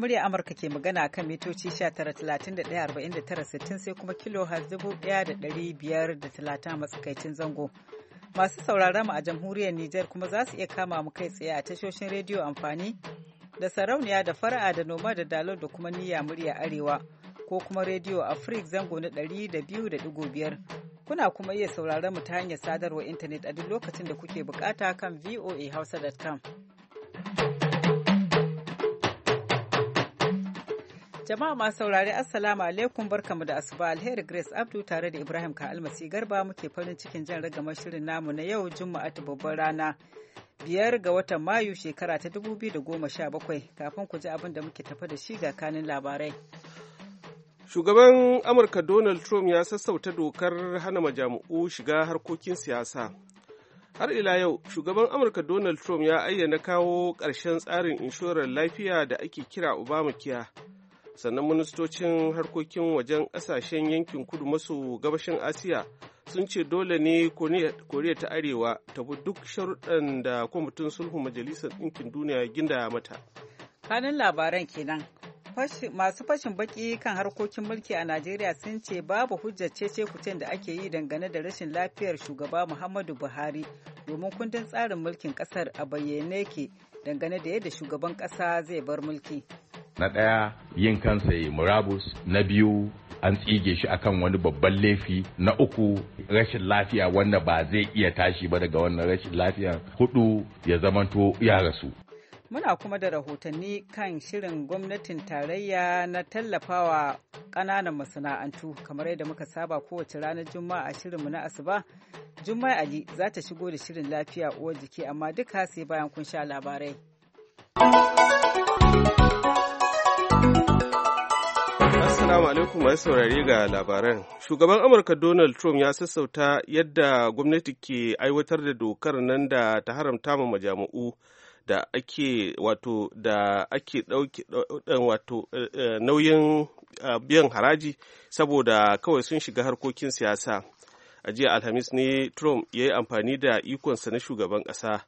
murya Amurka ke magana kan mitoci 19,31,49 sai kuma kilo talata matsakaicin zango. Masu sauraron mu a jamhuriyar Nijar kuma za su iya kama mu kai tsaye a tashoshin rediyo amfani da sarauniya da fara'a da noma da dalo da kuma niyya murya arewa ko kuma rediyo Afrik zango na 200.5 kuna kuma iya sauraron mu ta hanyar sadarwar intanet a duk lokacin da kuke bukata kan voahausa.com. Jama'a masu saurari Assalamu alaikum barkamu da asuba alheri Grace Abdu tare da Ibrahim ka Ka'almasi Garba muke farin cikin jan ragamar shirin namu na yau Juma'a ta babban rana biyar ga watan Mayu shekara ta da goma sha bakwai kafin ku ji abin da muke tafa da shi ga kanin labarai. Shugaban Amurka Donald Trump ya sassauta dokar hana majamu'u shiga harkokin siyasa. har ila yau shugaban amurka donald trump ya ayyana kawo karshen tsarin inshorar lafiya da ake kira obamacare sannan ministocin harkokin wajen ƙasashen yankin kudu maso gabashin asiya sun ce dole ne koriya ta arewa ta bi duk sharuɗan da kwamitin sulhu majalisar ɗinkin duniya ginda mata kanin labaran kenan masu fashin baki kan harkokin mulki a najeriya sun ce babu hujjar cece kucin da ake yi dangane da rashin lafiyar shugaba muhammadu buhari domin kundin tsarin mulkin kasar a bayyane ke dangane da yadda shugaban kasa zai bar mulki na ɗaya yin kansa ya murabus na biyu an tsige shi akan wani babban laifi na uku rashin lafiya wanda ba zai iya tashi ba daga wannan rashin lafiya hudu ya zamanto ya rasu muna kuma da rahotanni kan shirin gwamnatin tarayya na tallafawa ƙananan masana'antu kamar yadda muka saba kowace ranar juma'a a shirinmu na asuba juma'a ali za ta shigo da shirin lafiya uwar jiki amma duka sai bayan kun sha labarai Assalamu alaikum masu saurari ga labaran. Shugaban Amurka Donald Trump ya sassauta yadda gwamnati ke aiwatar da dokar nan da ta haramta ma majami'u da ake wato da ake ɗauki wato eh, eh, nauyin eh, biyan haraji saboda kawai sun shiga harkokin siyasa. A jiya Alhamis ne Trump ya yi amfani da ikonsa na shugaban ƙasa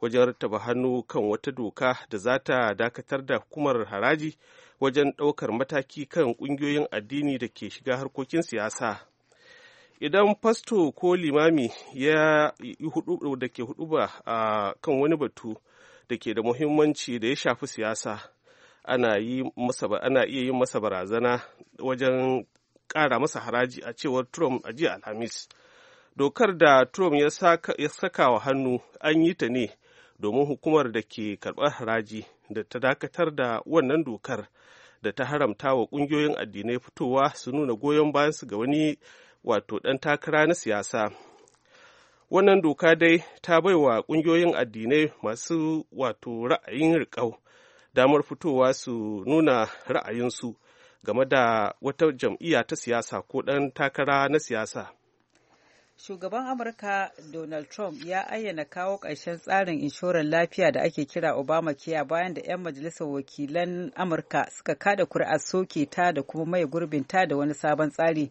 wajen rattaba hannu kan wata doka da za ta dakatar da hukumar haraji wajen ɗaukar mataki kan ƙungiyoyin addini da ke shiga harkokin siyasa idan fasto ko limami ya da ke huduba a kan wani batu da ke da muhimmanci da ya shafi siyasa ana iya yin masa barazana wajen ƙara masa haraji a cewar trump a jiya alhamis dokar da trump ya saka wa hannu an yi ta ne domin hukumar da ke karɓar haraji da ta dakatar da wannan dokar da ta haramta wa ƙungiyoyin addinai fitowa su nuna goyon bayansu ga wani wato ɗan takara na siyasa wannan doka dai ta baiwa ƙungiyoyin addinai masu wato ra'ayin riƙau damar fitowa su nuna ra'ayinsu game da wata jam'iyya ta siyasa ko ɗan takara na siyasa shugaban amurka donald trump ya ayyana kawo ƙarshen tsarin inshorar lafiya da ake kira obama kiya bayan da 'yan majalisar wakilan amurka suka kada kuri'a soke ta da kuma mai gurbin ta da wani sabon tsari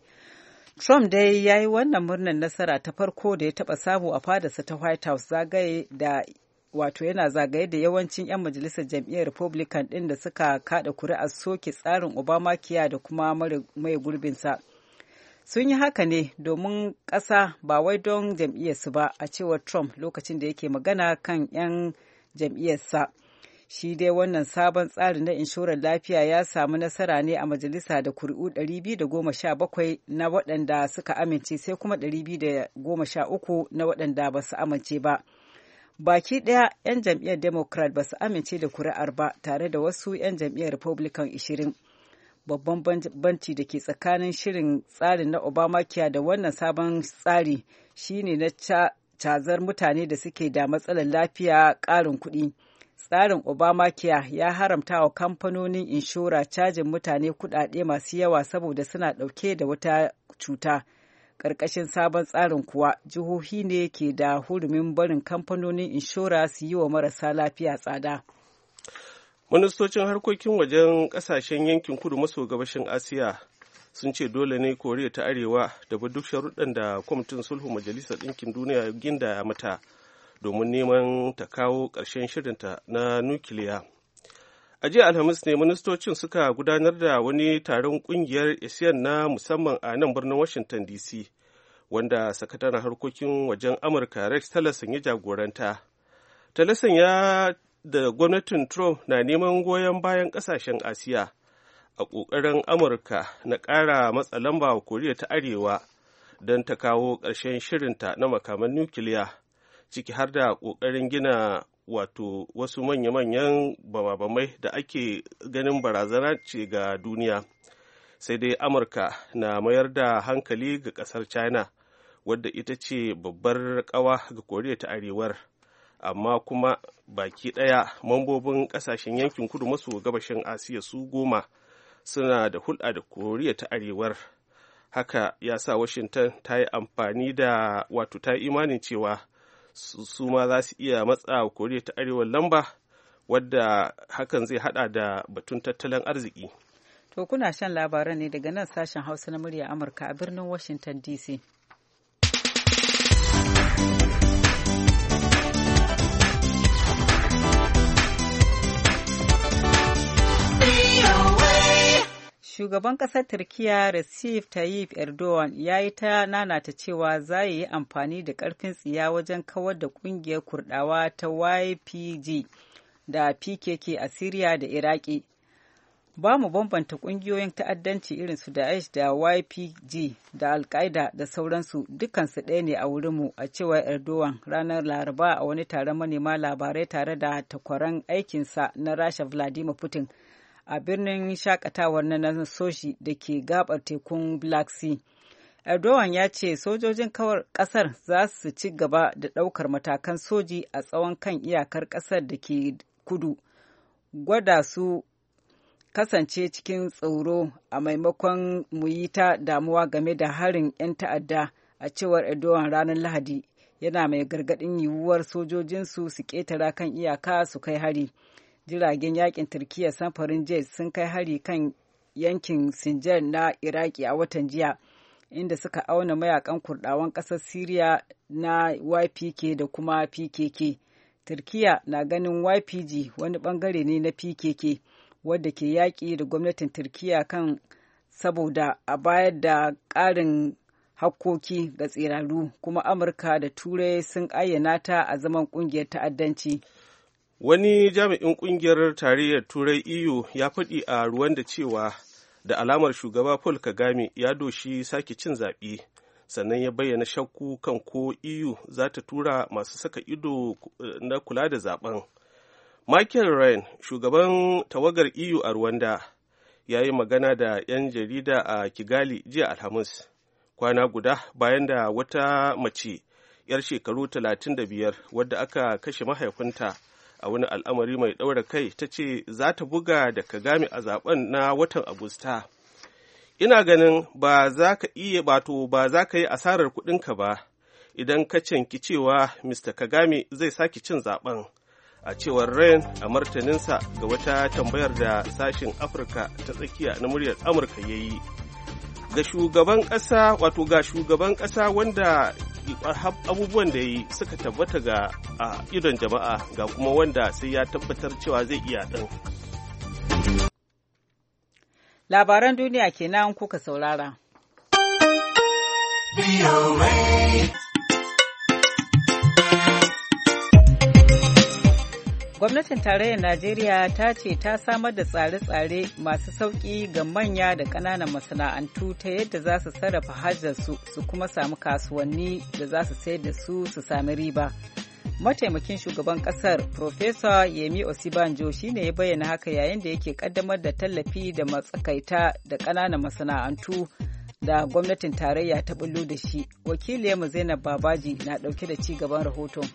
trump dai ya yi wannan murnar nasara ta farko da ya taba samu a fadarsa ta white house zagaye da wato yana zagaye da yawancin 'yan majalisar jam'iyyar republican ɗin da suka kada kuri'ar soke tsarin obama kiya da kuma mai gurbinsa. sun yi haka ne domin kasa ba wai don jam'iyyarsu ba a cewar trump lokacin da yake magana kan 'yan jam'iyyarsa shi dai wannan sabon tsarin na inshorar lafiya ya samu nasara ne a majalisa da kuri'u 217 na waɗanda suka amince sai kuma 213 na waɗanda ba su amince ba baki ɗaya 'yan jam'iyyar democrat ba su amince da kuri'ar ba tare da wasu 'yan jam'iyyar republican 20 babban banci da ke tsakanin shirin tsarin na obamacare da wannan sabon tsari shine na cazar mutane da suke da matsalar lafiya ƙarin kuɗi tsarin obamacare ya haramta wa kamfanonin inshora cajin mutane kuɗaɗe masu yawa saboda suna ɗauke da wata cuta ƙarƙashin sabon tsarin kuwa jihohi ne ke da hurumin barin kamfanonin inshora su yi wa marasa lafiya tsada. ministocin harkokin wajen kasashen yankin kudu maso gabashin asiya sun ce dole ne koriya ta arewa da duk sharuɗan da kwamitin sulhu majalisar ɗinkin duniya ginda mata domin neman ta kawo ƙarshen shirinta na nukiliya a jiya alhamis ne ministocin suka gudanar da wani taron ƙungiyar asiyan na musamman a nan birnin washington dc wanda sakataren harkokin wajen amurka rex tillerson ya jagoranta tillerson ya da gwamnatin Trump na neman goyon bayan ƙasashen Asiya a ƙoƙarin Amurka na ƙara matsa lamba wa Koriya ta Arewa don ta kawo ƙarshen shirinta na makaman nukiliya ciki har da ƙoƙarin gina wato wasu manya-manyan bababamai da ake ganin barazana ce ga duniya sai dai amurka na mayar da hankali ga ƙasar china wadda ita ce babbar ƙawa ga koriya ta arewar amma kuma baki ɗaya mambobin ƙasashen yankin kudu maso gabashin asiya su goma suna da hulɗa da koriya ta arewar haka ya sa washington ta yi amfani da wato ta imanin cewa su ma za su iya matsa koriya ta Arewar lamba wadda hakan zai hada da batun tattalin arziki to kuna shan labaran ne daga nan sashen hausa na murya amurka a birnin washington dc shugaban ƙasar turkiya recep tayyip erdogan ya yi ta nanata cewa za yi amfani da ƙarfin tsiya wajen kawar da ƙungiyar kurɗawa ta ypg da pkk a syria da iraki ba mu bambanta ƙungiyoyin ta'addanci irin su daesh da ypg da alkaida da sauransu dukansu ɗaya ne a wurinmu a cewar erdogan ranar laraba a wani taron manema labarai tare da takwaran aikinsa na rasha vladimir putin a birnin shakatawar na soshi da ke gabar tekun black sea erdogan ya ce sojojin kawar kasar za su ci gaba da daukar matakan soji a tsawon kan iyakar kasar da ke kudu gwada su kasance cikin tsoro a maimakon mu ta damuwa game da harin 'yan ta'adda a cewar erdogan ranar lahadi yana mai gargadin yiwuwar sojojinsu su ƙetara kan iyaka su kai hari jiragen yakin turkiya samfarin jet sun kai hari kan yankin sinjar na iraki a watan jiya inda suka auna mayakan kurdawan kasar syria na ypk da kuma pkk turkiya na ganin ypg wani bangare ne na pkk wadda ke yaƙi da gwamnatin turkiya kan saboda a bayar da ƙarin hakkoki ga tsiraru kuma amurka da turai sun ayyana ta a zaman ƙungiyar ta'addanci wani jami'in kungiyar tarayyar turai eu ya faɗi a ruwan da cewa da alamar shugaba paul kagame ya doshi sake cin zaɓe sannan ya bayyana shakku kan ko eu za ta tura masu saka ido eh, na kula da zaben michael ryan shugaban tawagar eu a rwanda ya yi magana da 'yan jarida a kigali jiya alhamis kwana guda bayan da wata mace 'yar shekaru 35 wadda aka kashe mahaifinta a wani al'amari mai ɗaura kai ta ce za ta buga da kagame a zaben na watan agusta ina ganin ba za ka iya bato ba za ka yi asarar kuɗinka ba idan ka canki cewa mr kagame zai sake cin zaben a cewar rain a martaninsa ga wata tambayar da sashen afirka ta tsakiya na muryar amurka ya yi ga shugaban ƙasa wato ga shugaban ƙasa wanda abubuwan da ya yi suka tabbata ga idon jama'a ga kuma wanda sai ya tabbatar cewa zai iya ɗin. Labaran duniya kenan kuka saurara. Gwamnatin tarayyar Najeriya ta ce ta samar da tsare-tsare masu sauƙi ga manya da ƙananan masana'antu ta yadda za su sarrafa hajjarsu su kuma samu kasuwanni da za su sayar da su su sami riba. Mataimakin shugaban Kasar, Profesa Yemi Osibanjo shine ya bayyana haka yayin da yake ƙaddamar da tallafi da matsakaita da ƙananan masana'antu da gwamnatin tarayya ta bullo da shi wakiliyarmu zainab babaji na ɗauke da ci gaban rahoton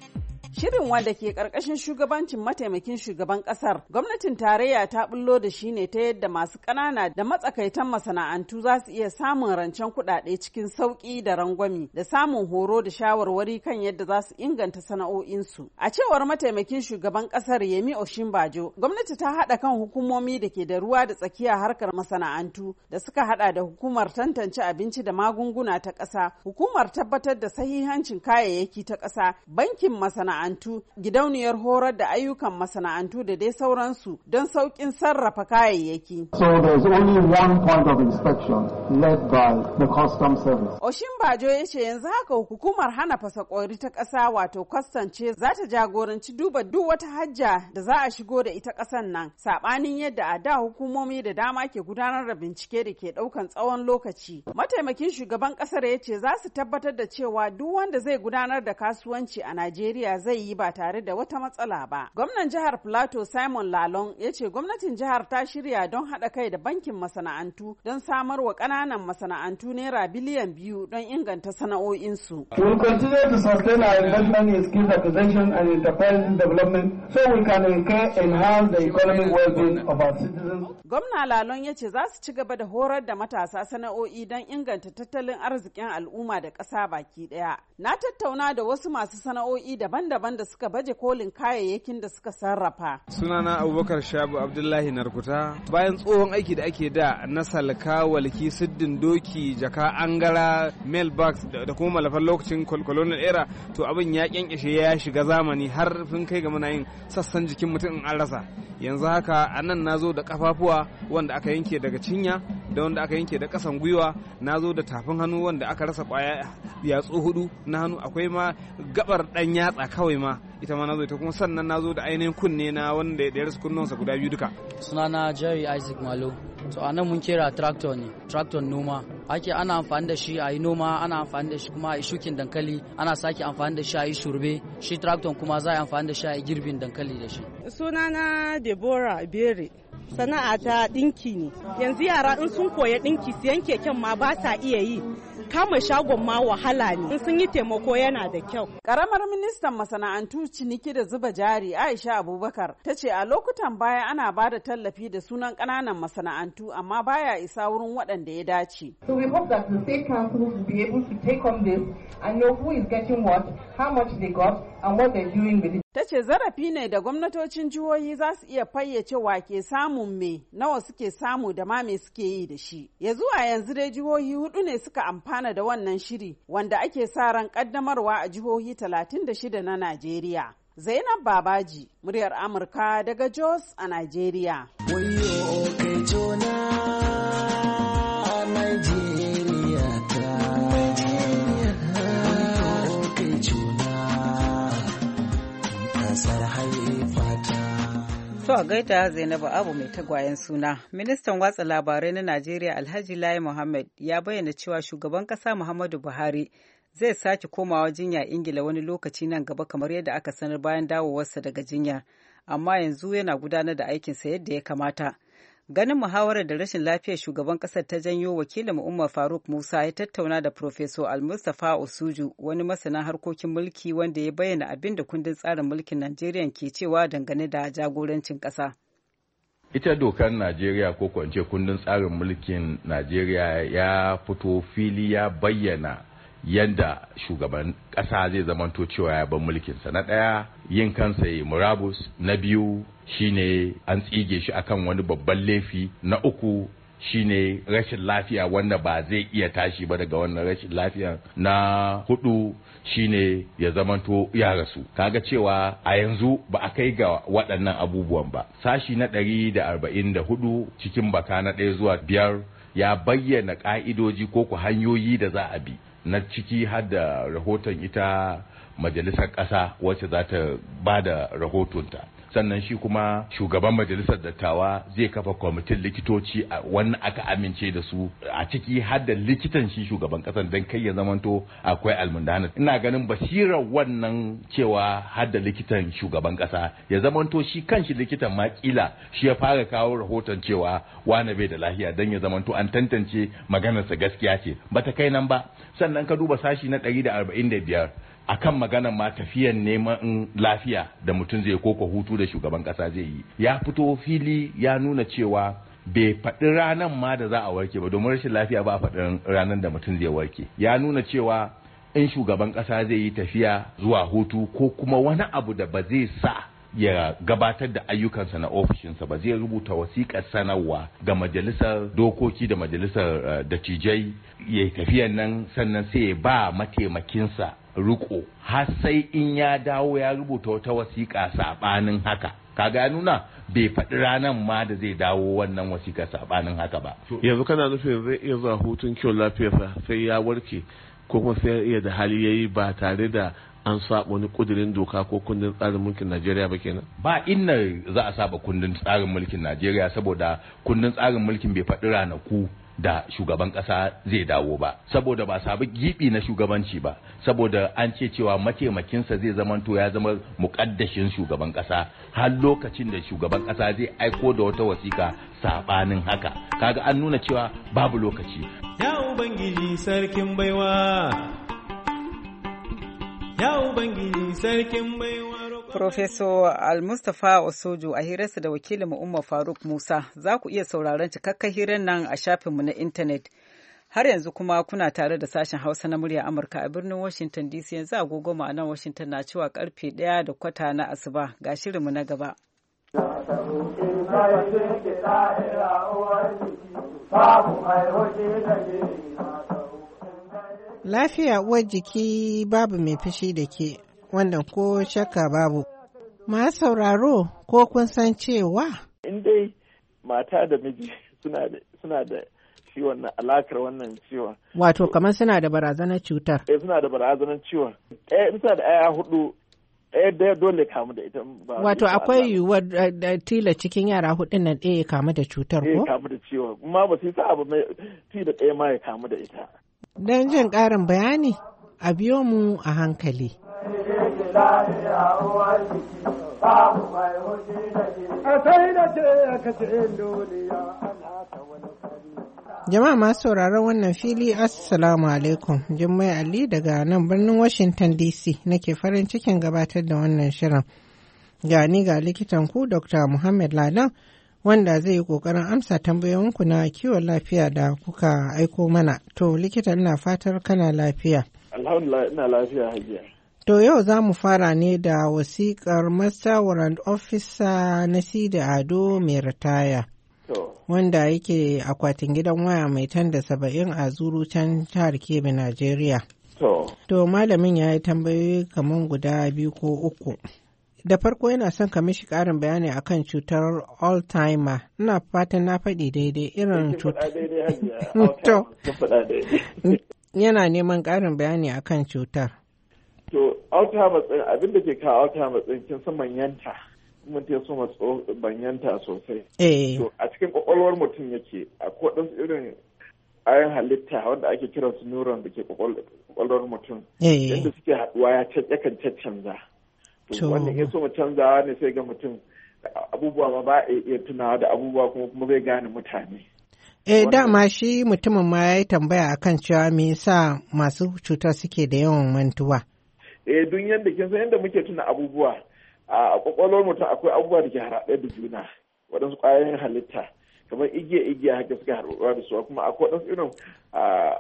Shirin wanda ke ƙarƙashin shugabancin mataimakin shugaban ƙasar, gwamnatin tarayya ta bullo da shi ne ta yadda masu ƙanana da matsakaitan masana'antu za su iya samun rancen kuɗaɗe cikin sauƙi da rangwami da samun horo da shawarwari kan yadda za su inganta sana'o'insu. A cewar mataimakin shugaban ƙasar Yemi oshimbajo gwamnati ta haɗa kan hukumomi da ke da ruwa da tsakiya harkar masana'antu da suka haɗa da hukumar tantance abinci da magunguna ta ƙasa, hukumar tabbatar da sahihancin kayayyaki ta ƙasa, bankin masana'antu masana'antu gidauniyar horar da ayyukan masana'antu da dai sauransu don sauƙin sarrafa kayayyaki. So there's only one point of inspection led by the custom service. Oshin Bajo ya ce yanzu haka hukumar hana fasa fasakori ta ƙasa wato kwastan ce za ta jagoranci duba duk wata hajja da za a shigo da ita ƙasan nan saɓanin yadda a da hukumomi da dama ke gudanar da bincike da ke ɗaukan tsawon lokaci. Mataimakin shugaban ƙasar ya ce za su tabbatar da cewa duk wanda zai gudanar da kasuwanci a Najeriya zai zai yi ba tare da wata matsala ba. Gwamnan jihar Plateau Simon Lalong ya ce gwamnatin jihar ta shirya don haɗa kai da bankin masana'antu don samar wa ƙananan masana'antu naira biliyan biyu don inganta sana'o'insu. We continue to sustain our investment in skills acquisition and enterprise development so we can enhance the economic well-being of our citizens. Gwamna lalon ya ce za su ci gaba da horar da matasa sana'o'i don inganta tattalin arzikin al'umma da ƙasa baki ɗaya. Na tattauna da wasu masu sana'o'i daban-daban ababen da suka baje kolin kayayyakin da suka sarrafa. Sunana Abubakar Shabu Abdullahi Narkuta bayan tsohon aiki da ake da na salka walki siddin doki jaka angara mailbox da kuma malafan lokacin colonial era to abin ya kyankyashe ya shiga zamani har sun kai ga muna yin sassan jikin mutum in an rasa yanzu haka anan na zo da kafafuwa wanda aka yanke daga cinya da wanda aka yanke da kasan gwiwa na zo da tafin hannu wanda aka rasa kwaya yatsu hudu na hannu akwai ma gabar dan yatsa kawai ma ita ma na ita kuma sannan na zo da ainihin kunne na wanda ya rasa sa guda biyu duka sunana jerry isaac malo to a nan mun kera tractor ne tractor noma ake ana amfani da shi a yi noma ana amfani da shi kuma a yi shukin dankali ana sake amfani da shi a yi shurbe shi tractor kuma za a yi amfani da shi a yi girbin dankali da shi sunana deborah bere sana'a ta dinki ne yanzu yara in sun koya dinki siyan keken ma ba sa iya yi kama shagon ma wahala ne in sun yi taimako yana da kyau karamar ministan masana'antu ciniki da zuba jari aisha abubakar ta ce a lokutan baya ana ba da tallafi da sunan ƙananan masana'antu amma baya isa wurin waɗanda ya dace so we hope that the state council will be able to take on this and know who is getting what how much they got Ta ce zarafi ne da gwamnatocin jihohi za su iya fayyace wa ke samun me nawa suke samu da ma me suke yi da shi. Ya zuwa yanzu dai jihohi hudu ne suka amfana da wannan shiri wanda ake sa ran kaddamarwa a jihohi 36 na Najeriya. Zainab Babaji, muryar Amurka daga Jos a Najeriya. To a gaida Zainabu Abu mai tagwayen suna. Ministan watsa labarai na Najeriya Alhaji Lai Muhammad ya bayyana cewa shugaban kasa Muhammadu Buhari zai sake komawa jinya Ingila wani lokaci nan gaba kamar yadda aka sanar bayan dawowarsa daga jinya. Amma yanzu yana gudanar da aikinsa yadda ya kamata. ganin muhawarar da rashin lafiyar shugaban kasar ta janyo wakilin umar faruk musa ya tattauna da al almustapha osuju wani masana harkokin mulki wanda ya bayyana abin da kundin tsarin mulkin najeriya ke cewa dangane da jagorancin kasa ita dokar najeriya ko kwance kundin tsarin mulkin najeriya ya fito fili ya bayyana yadda shugaban ƙasa zai zamanto cewa ya ban mulkinsa na ɗaya yin kansa ya murabus na biyu shine an tsige shi akan wani babban laifi na uku shine rashin lafiya wanda ba zai iya tashi ba daga wannan rashin lafiya na hudu shine ya zamanto ya rasu kaga cewa a yanzu ba a kai ga waɗannan abubuwan ba sashi na ɗari da arba'in da hudu cikin baka na ɗaya zuwa biyar ya bayyana ƙa'idoji ko ku hanyoyi da za a bi na ciki har da rahoton ita majalisar ƙasa wacce za ta ba da rahotonta sannan shi kuma shugaban majalisar dattawa zai kafa kwamitin likitoci a wannan aka amince da su a ciki har da likitan shi shugaban kasar dan kai ya zamanto akwai almundana ina ganin basira wannan cewa har da likitan shugaban kasa ya zamanto shi kanshi likitan ma kila shi ya fara kawo rahoton cewa wane bai da lafiya dan ya zamanto an tantance maganarsa gaskiya ce bata kai nan ba sannan ka duba sashi na 145 akan maganar ma tafiyan neman lafiya da mutum zai koko hutu da shugaban kasa zai yi ya fito fili ya nuna cewa bai faɗi ranar ma da za a warke ba domin rashin lafiya ba a faɗi ranar da mutum zai warke ya nuna cewa in shugaban kasa zai yi tafiya zuwa hutu ko kuma wani abu da ba zai sa ya gabatar da ayyukansa na ofishinsa ba zai rubuta wasikar sanarwa ga majalisar dokoki da majalisar eh, dattijai ya yi tafiyan nan sannan sai ya ba mataimakinsa riko har sai in ya dawo ya rubuta wata wasiƙa saɓanin haka ka nuna bai faɗi ranar ma da zai dawo wannan wasiƙa saɓanin haka ba yanzu kana nufin zai iya zuwa hutun kyau lafiyarsa sai ya warke ko kuma sai iya da hali ya yi ba tare da an saba wani kudirin doka ko kundin tsarin mulkin Najeriya ba kenan ba inna za a saba kundin tsarin mulkin Najeriya saboda kundin tsarin mulkin bai faɗi ranaku da shugaban ƙasa zai dawo ba saboda ba sabu gibi na shugabanci ba saboda an ce cewa mataimakinsa zai zama to ya zama mukaddashin shugaban ƙasa har lokacin da shugaban ƙasa zai aiko da wata wasiƙa saɓanin haka kaga an nuna cewa babu lokaci ya ubangiji sarkin baiwa ya ubangiji sarkin baiwa Profesor Al-Mustapha Osojo a hirarsa da wakilin Umar Faruk Musa za ku iya sauraron cikakken hirar nan a shafin mu na intanet. Har yanzu kuma kuna tare da sashen Hausa na murya Amurka a birnin Washington DC yanzu agogo ma'anar Washington na cewa karfe ɗaya da kwata na asuba ga shirin mu na gaba. Lafiya uwar jiki babu mai fushi da ke wannan ko shakka babu. Ma sauraro ko kun san cewa? In dai mata da miji suna da shi wannan alakar wannan ciwon. Wato kamar suna da barazanar cutar. Eh suna da barazanar ciwon. Eh suna da aya hudu ɗaya eh, daya dole kamu da ita ba. Wato akwai yiwuwar eh, da tila cikin yara hudu nan ɗaya ya kamu da cutar ko? Eh kamu da ciwon. Kuma ba su yi sa abu mai tila ɗaya ma ya kamu da ita. Don jin ƙarin bayani a biyo mu a hankali. Jama'a masu sauraron wannan fili Assalamu alaikum Jummai Ali daga nan birnin Washington DC nake farin cikin gabatar da wannan shirin. Gani ga likitan ku Dr. Muhammad Ladan wanda zai yi kokarin amsa tambayoyinku na kiwon lafiya da kuka aiko mana. To likitan ina fatar kana lafiya. Alhamdulillah ina lafiya hajiya. To yau za mu fara ne da wasiƙar Master Warrant Officer na Sidi Ado mai ritaya. Wanda yake akwatin gidan waya mai da saba'in a zuru can jihar Kebbi, Najeriya. To malamin ya yi tambayoyi kamar guda biyu ko uku. Da farko yana son ka mishi ƙarin bayani akan cutar Alzheimer. Ina fatan na faɗi daidai irin cutar. Yana neman ƙarin bayani akan cutar. to auta matsayin abin da ke kawo auta matsayin kin san manyanta ta so matso banyanta sosai eh. to a cikin kwakwalwar mutum yake a kodin irin ayan halitta wanda ake kira su neuron da ke kwakwalwar mutum eh. yadda suke haduwa ya yakan canza to wanda ya so canzawa ne sai ga mutum abubuwa ma ba a iya tunawa da abubuwa kuma kuma bai gane mutane Eh dama shi mutumin ma ya yi tambaya akan cewa me yasa masu cutar suke da yawan mantuwa. eh duk yanda kin san yanda muke tuna abubuwa a kwakwalwar mutum akwai abubuwa da ke haraɗe da juna waɗansu ƙwayoyin halitta kamar igiya igiya haka suka harbuwa da su kuma akwai waɗansu irin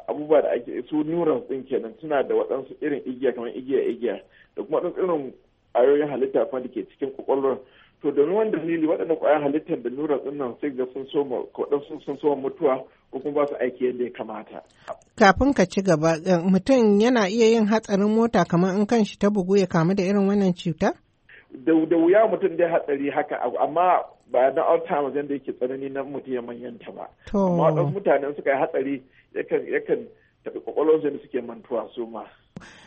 abubuwa da ake su neurons ɗin kenan suna da waɗansu irin igiya kamar igiya igiya da kuma waɗansu irin ƙwayoyin halitta kuma da ke cikin kwakwalwar to domin wani dalili waɗanda ƙwayoyin halittar da neurons ɗin nan sai ga sun soma mutuwa ko kuma ba su aiki yadda ya kamata. Kafin ka ci gaba, eh, mutum yana iya yin hatsarin mota kamar in kan shi ta bugu ya kamu da irin wannan cuta? Da wuya mutum dai hatsari haka, amma ba na Alzheimer's yadda yake tsanani na mutum ya manyanta ba. Amma waɗansu mutane suka yi hatsari yakan tafi kwakwalwarsu da suke mantuwa su ma.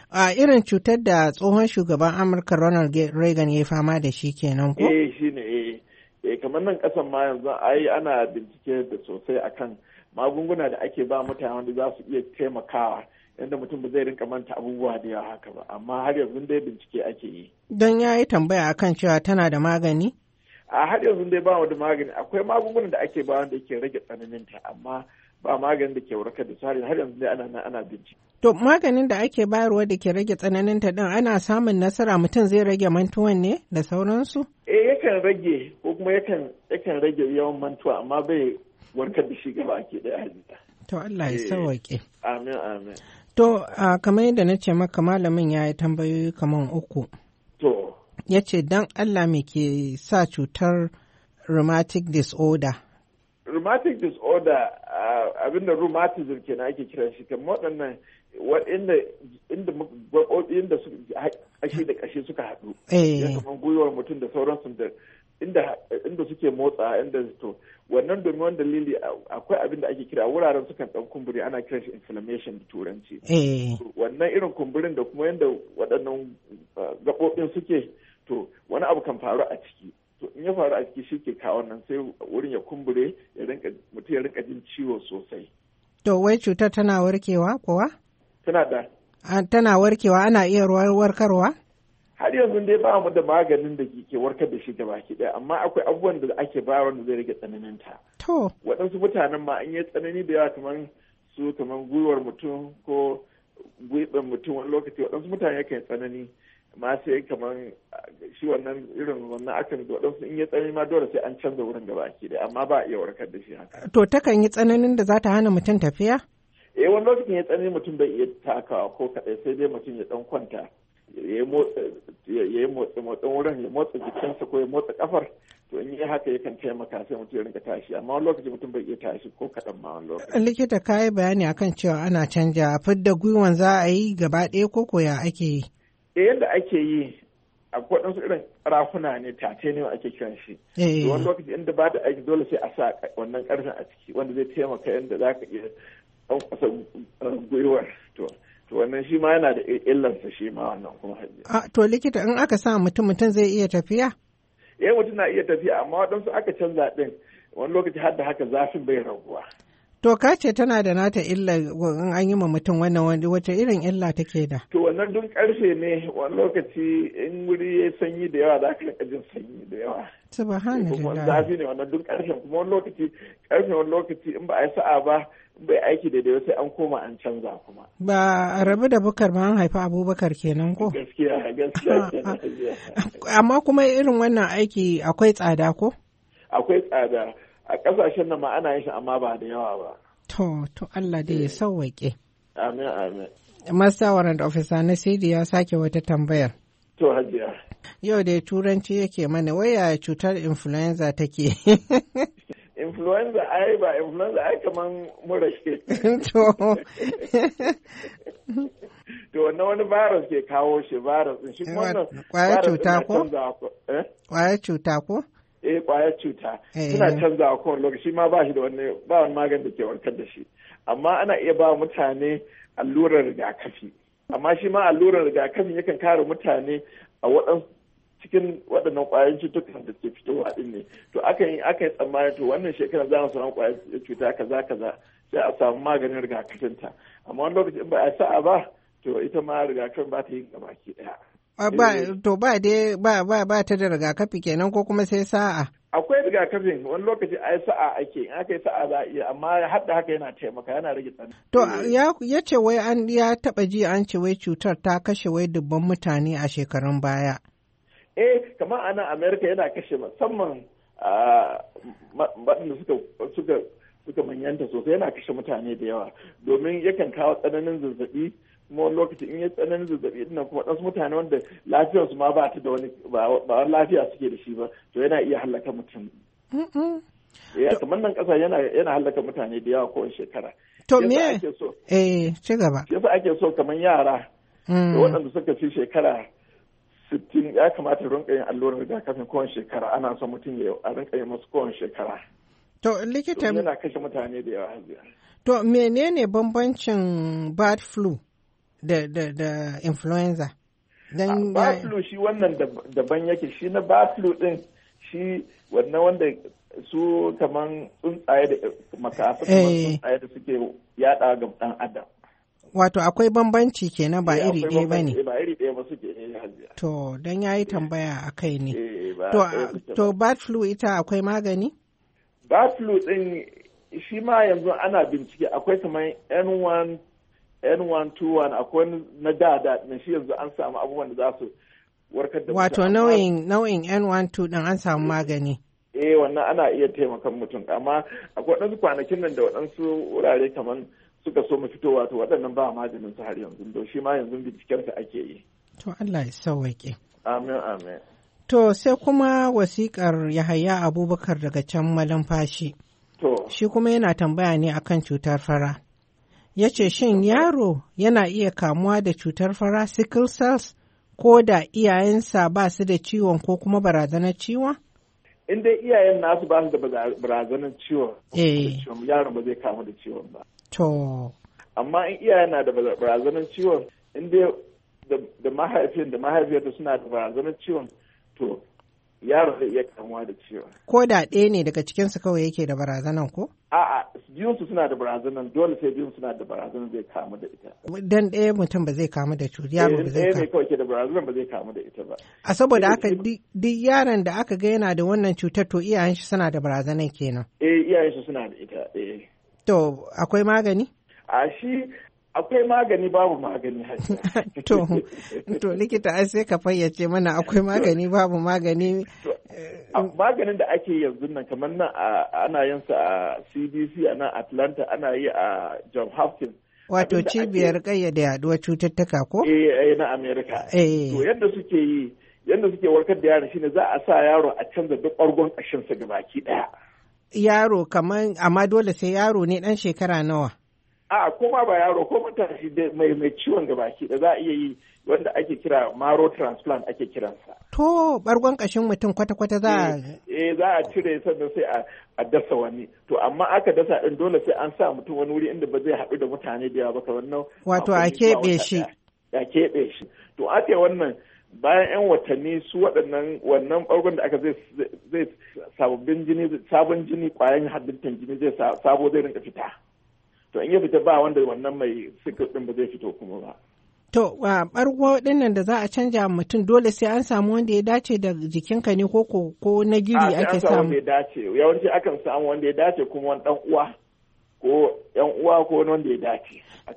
A irin cutar da tsohon shugaban Amurka Ronald Reagan ya fama da shi kenan ko? Eh shi ne eh. eh kamar nan kasan ma yanzu ai ana bincike da sosai akan magunguna da ake ba mutane wanda za su iya taimakawa yadda mutum ba zai rinka manta abubuwa da yawa haka ba amma har yanzu dai bincike ake yi don ya yi tambaya akan cewa tana da magani a har yanzu dai ba da magani akwai magungunan da ake ba wanda yake rage tsananinta amma ba maganin da ke warkar da sari har yanzu dai ana ana bincike to maganin da ake bayarwa da ke rage tsananinta din ana samun nasara mutum zai rage mantuwan ne da sauransu eh yakan rage ko kuma yakan yakan rage yawan mantuwa amma bai warkar da shi gaba ke daya halitta. To Allah ya eh, sauwaƙe. Amin amin. To kamar yadda na ce maka malamin ya yi tambayoyi kamar uku. To. Ya ce don Allah me ke sa cutar rheumatic disorder. Rheumatic disorder abinda rheumatism ke na ake kiran shi kamar waɗannan waɗanda inda gwaɓoɓi inda su ƙashi da ƙashi suka haɗu. Eh. Ya kamar gwiwar mutum da sauransu da inda inda suke motsa inda to wannan domin wani dalili akwai abin da ake kira wuraren sukan dan kumburi ana kiran shi inflammation da turanci eh. wannan irin kumburin da kuma yadda waɗannan eh, gaɓoɓin suke to wani abu kan faru a ciki to in ya faru a ciki shi ke kawo nan sai wurin ya kumbure ya rinka mutum ya rinka jin ciwo sosai to wai cutar tana warkewa kowa. tana da tana warkewa ana iya warkarwa har yanzu dai ba mu da maganin da ke warkar da shi baki daya amma akwai abubuwan da ake ba wanda zai rage tsananin ta to waɗansu mutanen ma an yi tsanani da yawa kamar su kamar gwiwar mutum ko gwiɓin mutum wani lokaci waɗansu mutane yakan tsanani ma sai kamar shi wannan irin wannan akan waɗansu in yi tsanani ma dole sai an canza wurin gaba baki daya amma ba a iya warkar da shi haka to takan yi tsananin da za ta hana mutum tafiya eh wani lokacin ya tsanani mutum bai iya takawa ko kaɗai sai dai mutum ya ɗan kwanta ya yi motsa wurin ya motsa jikinsa ko ya motsa kafar to in yi haka yakan taimaka sai mutum ya rinka tashi amma wani lokaci mutum bai iya tashi ko kaɗan ma wani lokaci. likita ka yi bayani akan cewa ana canja fidda gwiwan za a yi gaba ɗaya ko koya ake yi. Eh, da yadda ake yi a waɗansu irin rafuna ne tate ne ake kiran shi. Eh. wani lokaci inda ba da aiki dole sai a sa wannan ƙarfin a ciki wanda zai taimaka yadda za ka iya ɗan gwiwar to. to wannan shi ma yana da illansa shi ma wannan kuma hajji. to likita in aka sa mutum mutum zai iya tafiya? eh mutum na iya tafiya amma waɗansu aka canza ɗin wani lokaci har da haka zafin bai raguwa. To ka ce tana da nata illa in an yi ma mutum wannan wani wata irin illa take da? To wannan dun ƙarshe ne wani lokaci in wuri ya sanyi da yawa za ka rika jin sanyi da yawa. Subhanallah. Kuma zafi ne wannan duk ƙarshen kuma wani lokaci ƙarshen wani lokaci in ba a yi sa'a ba bai aiki da dai sai an koma an canza kuma. Ba a rabu da bukar ba an haifi abubakar kenan ko? Gaskiya gaskiya Amma kuma irin wannan aiki akwai tsada ko? Akwai tsada a ƙasashen nan ma ana yin shi amma ba da yawa ba. To to Allah dai ya eh. sauwaƙe. Amin amin. Masta Warrant Officer na Sidi ya sake wata tambayar. To hajiya. Yau dai turanci yake mana waya cutar influenza take. influenza ai ba influenza ai kaman mura ke. to wannan wani virus ke kawo shi virus in shi wannan kwayar cuta ko eh? kwayar cuta ko eh kwayar cuta eh. suna canzawa kowane lokaci ma ba shi da wani ba wani magani da ke warkar da shi amma ana iya ba mutane allurar rigakafi amma shi ma allurar rigakafi yakan kare mutane a waɗansu cikin waɗannan ƙwayoyin cututtukan da ke fitowa ɗin ne to aka yi aka yi tsammanin to wannan shekarar za mu samu ƙwayoyin cuta kaza kaza sai a samu maganin rigakafinta amma wani lokaci in ba a sa'a ba to ita ma rigakafin ba ta yi gabaki ɗaya. Ah, ba eh. to ba dai ba ba ba ta da rigakafi kenan ko kuma sai sa'a akwai rigakafin wani lokaci yi sa'a ake in aka yi sa'a za a iya amma hadda haka yana taimaka yana rage tsana to ya ya ce wai an ya taba ji an ce wai cutar ta kashe wai dubban mutane a shekarun baya eh kamar a nan america yana kashe musamman waɗanda suka suka manyanta sosai yana kashe mutane da yawa domin yakan kawo tsananin zazzabi kuma wani lokaci in ya tsananin zazzabi ina kuma ɗansu mutane wanda lafiyarsu ma ba ta da wani ba lafiya suke da shi ba to yana iya halaka mutum ya eh, kamar nan ƙasa yana halaka mutane da yawa kowace shekara to me eh ci gaba yasa ake so kamar yara mm. waɗanda suka fi shekara sittin ya kamata rinka yin allurar rigakafin kowane shekara ana son mutum ya a rinka yin masu kowane shekara. To likita yana kashe mutane da yawa To menene bambancin bad flu da da da influenza? Dan ah, bad flu shi wannan daban yake shi na bad flu din shi wannan wanda su kaman tsuntsaye da kamar eh. tsuntsaye da suke yada ga dan adam. Wato akwai bambanci kenan ba eh, iri ɗaya ba ne. Ba iri ɗaya ba suke eh, To don ya yi eh. tambaya a kai ne. To bat flu ita akwai magani? Bat flu ɗin shi ma yanzu ana bincike akwai kamar N1 N121 akwai na da da shi yanzu an samu abubuwan da za su warkar da Wato nau'in nau'in N12 din an samu magani. Eh wannan ana iya taimakon mutum amma akwai waɗansu kwanakin nan da waɗansu wurare kamar suka so mu fitowa to waɗannan ba maganin su har yanzu to shi ma yanzu binciken ta ake yi to Allah ya sauwaƙe amin amin to sai kuma wasiƙar Yahaya Abubakar daga can malamfashi to shi kuma yana tambaya ne akan cutar fara ya ce shin yaro yana iya kamuwa da cutar fara sickle cells ko da iyayensa ba su da ciwon ko kuma barazanar ciwon? In dai iyayen nasu ba su da barazanar ciwon, eh. yaron ba zai kamu da ciwon ba. To. Amma in iyaye na da barazanar ciwon in dai da mahaifin da mahaifiyarta suna da barazanar ciwon to yaro zai iya kamuwa da ciwon. Ko da ɗaya ne daga cikinsu kawai yake da barazanan ko? A'a, biyunsu suna da barazanan dole sai biyunsu suna da barazanan zai kamu da ita. Dan ɗaya mutum ba zai kamu da cuta, yaro ba eh, zai kamu. ne kawai ke da barazanan ba zai kamu da ita ba. A saboda eh, haka eh, duk yaron da aka ga yana da wannan cutar to iyayen shi suna da barazanan kenan. Eh, iyayen shi suna da ita, eh. To, akwai magani? A shi akwai magani babu magani to to likita ai sai ka fayyace mana akwai magani babu magani maganin da ake yanzu nan kamar nan ana yin sa a CDC ana Atlanta ana yi a John Hopkins wato cibiyar kayyade yaduwar cututtuka ko eh, eh na America eh. to yadda suke yi yadda suke warkar da yaron shine za a sa yaro a canza duk organ kashin sa gabaki ɗaya. yaro kamar amma dole sai yaro ne dan shekara nawa a ko ba yaro ko mutashi mai mai ciwon gaba baki da za a iya yi wanda ake kira maro transplant ake kiransa to bargon kashin mutum kwata-kwata za a eh, eh za a cire sannan sai a dasa wani to amma aka dasa din dole sai an sa mutum wani wuri inda ba zai haɗu da mutane da yawa ba wannan wato a keɓe shi a keɓe shi to ake wannan bayan 'yan watanni su waɗannan wannan ɓargon da aka zai sababbin jini sabon jini ƙwayan halittar jini zai sabo zai rinka fita to in ya fita ba wanda wannan mai sikir ɗin ba zai fito kuma ba to a ɓargo ɗinnan da za a canja mutum dole sai an samu wanda ya dace da jikinka ne ko ko na giri ake samu wanda ya dace yawanci akan samu wanda ya dace kuma wani ɗan uwa ko ƴan uwa ko wani wanda ya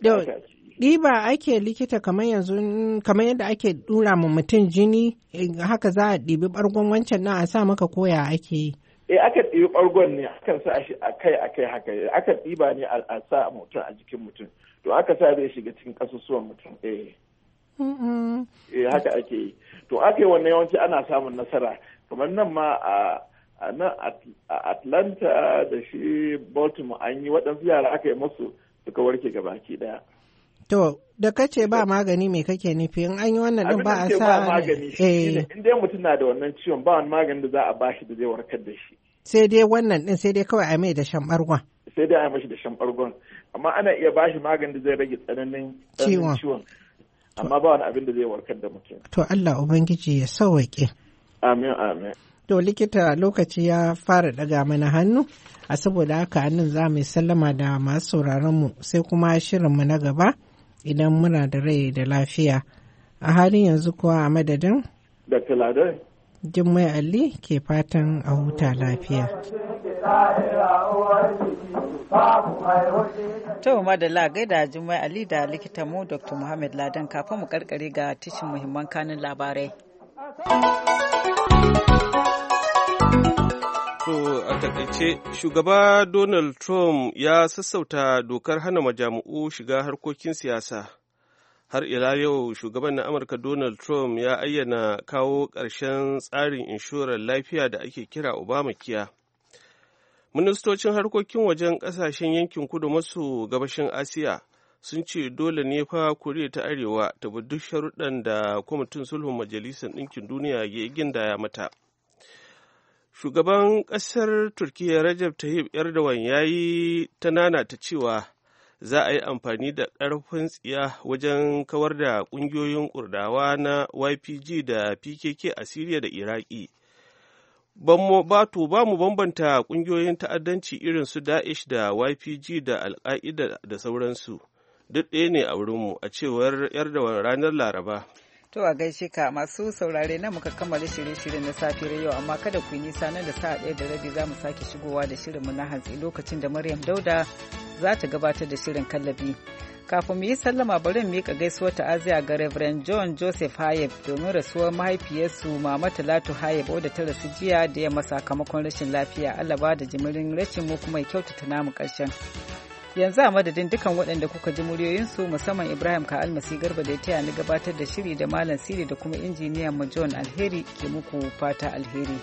dace ɗiba ake likita kamar yanzu kamar yadda ake ɗura ma mutum jini haka za a ɗibi ɓargon wancan na a sa maka koya ake yi. E, aka ɗibi ɓargon ne kan sa shi a kai a kai haka eh, aka ɗiba ne a sa mutum a jikin mutum to aka sa zai shiga cikin ƙasusuwan mutum E, eh haka ake yi to aka yi wannan yawanci ana samun nasara kamar nan ma a a nan a atlanta da shi baltimore an yi waɗansu yara aka yi masu suka warke gabaki daya To, da kace ba magani me kake nufi in an yi wannan din ba a sa magani eh. in dai mutum na da wannan ciwon ba wani magani da za a bashi da zai warkar da shi sai dai wannan din sai dai kawai a mai da shan bargon sai dai a mashi da shan bargon amma ana iya bashi magani da zai rage tsananin ciwon amma ba wani abin da zai warkar da mutum to Allah ubangiji ya sauke amin amin to likita lokaci ya fara daga mana hannu a saboda haka nan za mu yi sallama da masu sauraron mu sai kuma shirin mu na gaba idan muna da rai da lafiya. A halin yanzu kuwa a madadin? Da Jummai Ali ke fatan a huta lafiya. To madalla gaida Jummai Ali da likitanmu Dr. Muhammad Ladan kafin mu karkare ga tashin muhimman kanin labarai. a takaice shugaba Donald Trump ya sassauta dokar hana majamu'u shiga harkokin siyasa. Har ila yau shugaban na Amurka Donald Trump ya ayyana kawo ƙarshen tsarin inshorar lafiya da ake kira Obama kiya. Ministocin harkokin wajen ƙasashen yankin kudu maso gabashin Asiya sun ce dole ne fa Koriya ta Arewa ta bi duk sharuɗan da kwamitin sulhun Majalisar Ɗinkin Duniya ya gindaya mata. shugaban ƙasar turkiyya rajab tayyip erdogan ya yi ta nanata cewa za a yi amfani da ƙarfin tsiya wajen kawar da ƙungiyoyin kurdawa na ypg da pkk a siriya da iraki bato ba mu bambanta ƙungiyoyin ta'addanci irin su daesh da ypg da alka'ida da sauransu duk ɗaya ne a wurinmu a cewar erdogan ranar laraba To a gaishe ka masu saurare na muka kammala shirye shirye na safiyar yau amma kada ku yi nisa nan da sa'a ɗaya da rabi za mu sake shigowa da shirin mu na hantsi lokacin da Maryam Dauda za ta gabatar da shirin kallabi. Kafin mu yi sallama bari mu miƙa gaisuwar ta'aziya ga Reverend John Joseph Hayeb domin rasuwar mahaifiyarsu Mama Talatu Hayeb wadda ta rasu jiya da yamma sakamakon rashin lafiya Allah ba da jimirin rashin mu kuma ya kyautata namu ƙarshen. yanzu a madadin dukan waɗanda kuka ji muryoyinsu musamman ibrahim ka almasi garba da ya taya ni gabatar da shiri da malam siri da kuma injiniyan mu john alheri ke muku fata alheri